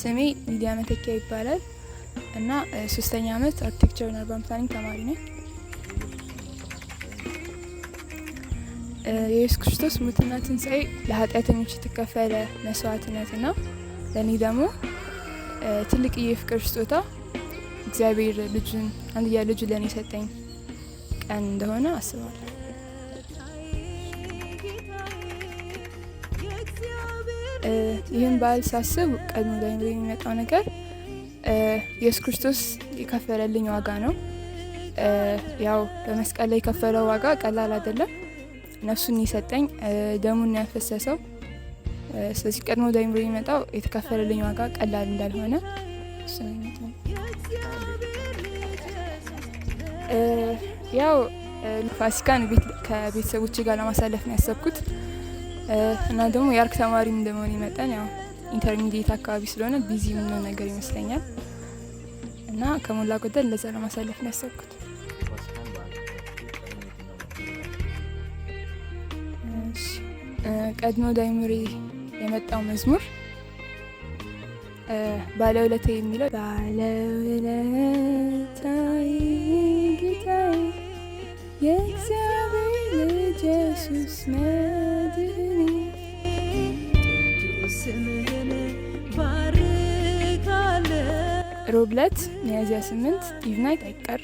ስሜ ሚዲያ መተኪያ ይባላል እና ሶስተኛ ዓመት አርክቴክቸርና አርባን ፕላኒንግ ተማሪ ነኝ። የኢየሱስ ክርስቶስ ሙትና ትንሣኤ ለኃጢአተኞች የተከፈለ መስዋዕትነትና ለእኔ ደግሞ ትልቅ የፍቅር ስጦታ እግዚአብሔር ልጁን አንድያ ልጁ ለእኔ የሰጠኝ ቀን እንደሆነ አስባለሁ። ይህን በዓል ሳስብ ቀድሞ ላይ የሚመጣው ነገር ኢየሱስ ክርስቶስ የከፈለልኝ ዋጋ ነው። ያው በመስቀል ላይ የከፈለው ዋጋ ቀላል አይደለም። ነፍሱን የሰጠኝ ደሙን ያፈሰሰው። ስለዚህ ቀድሞ ላይ የሚመጣው የተከፈለልኝ ዋጋ ቀላል እንዳልሆነ ያው ፋሲካን ከቤተሰቦች ጋር ለማሳለፍ ነው ያሰብኩት። እና ደግሞ የአርክ ተማሪም እንደመሆን ይመጣል ያው ኢንተርሚዲየት አካባቢ ስለሆነ ቢዚ የምንሆን ነገር ይመስለኛል እና ከሞላ ጎደል ለዛ ለማሳለፍ ነው ያሰብኩት። ቀድሞ ዳይሙሪ የመጣው መዝሙር ባለ ባለውለታ የሚለው ባለ ባለውለታዬ ጌታዬ የእግዚአብሔር ልጅ ኢየሱስ ነው። ሮብለት ሚያዝያ ስምንት ኢቭናይት አይቀር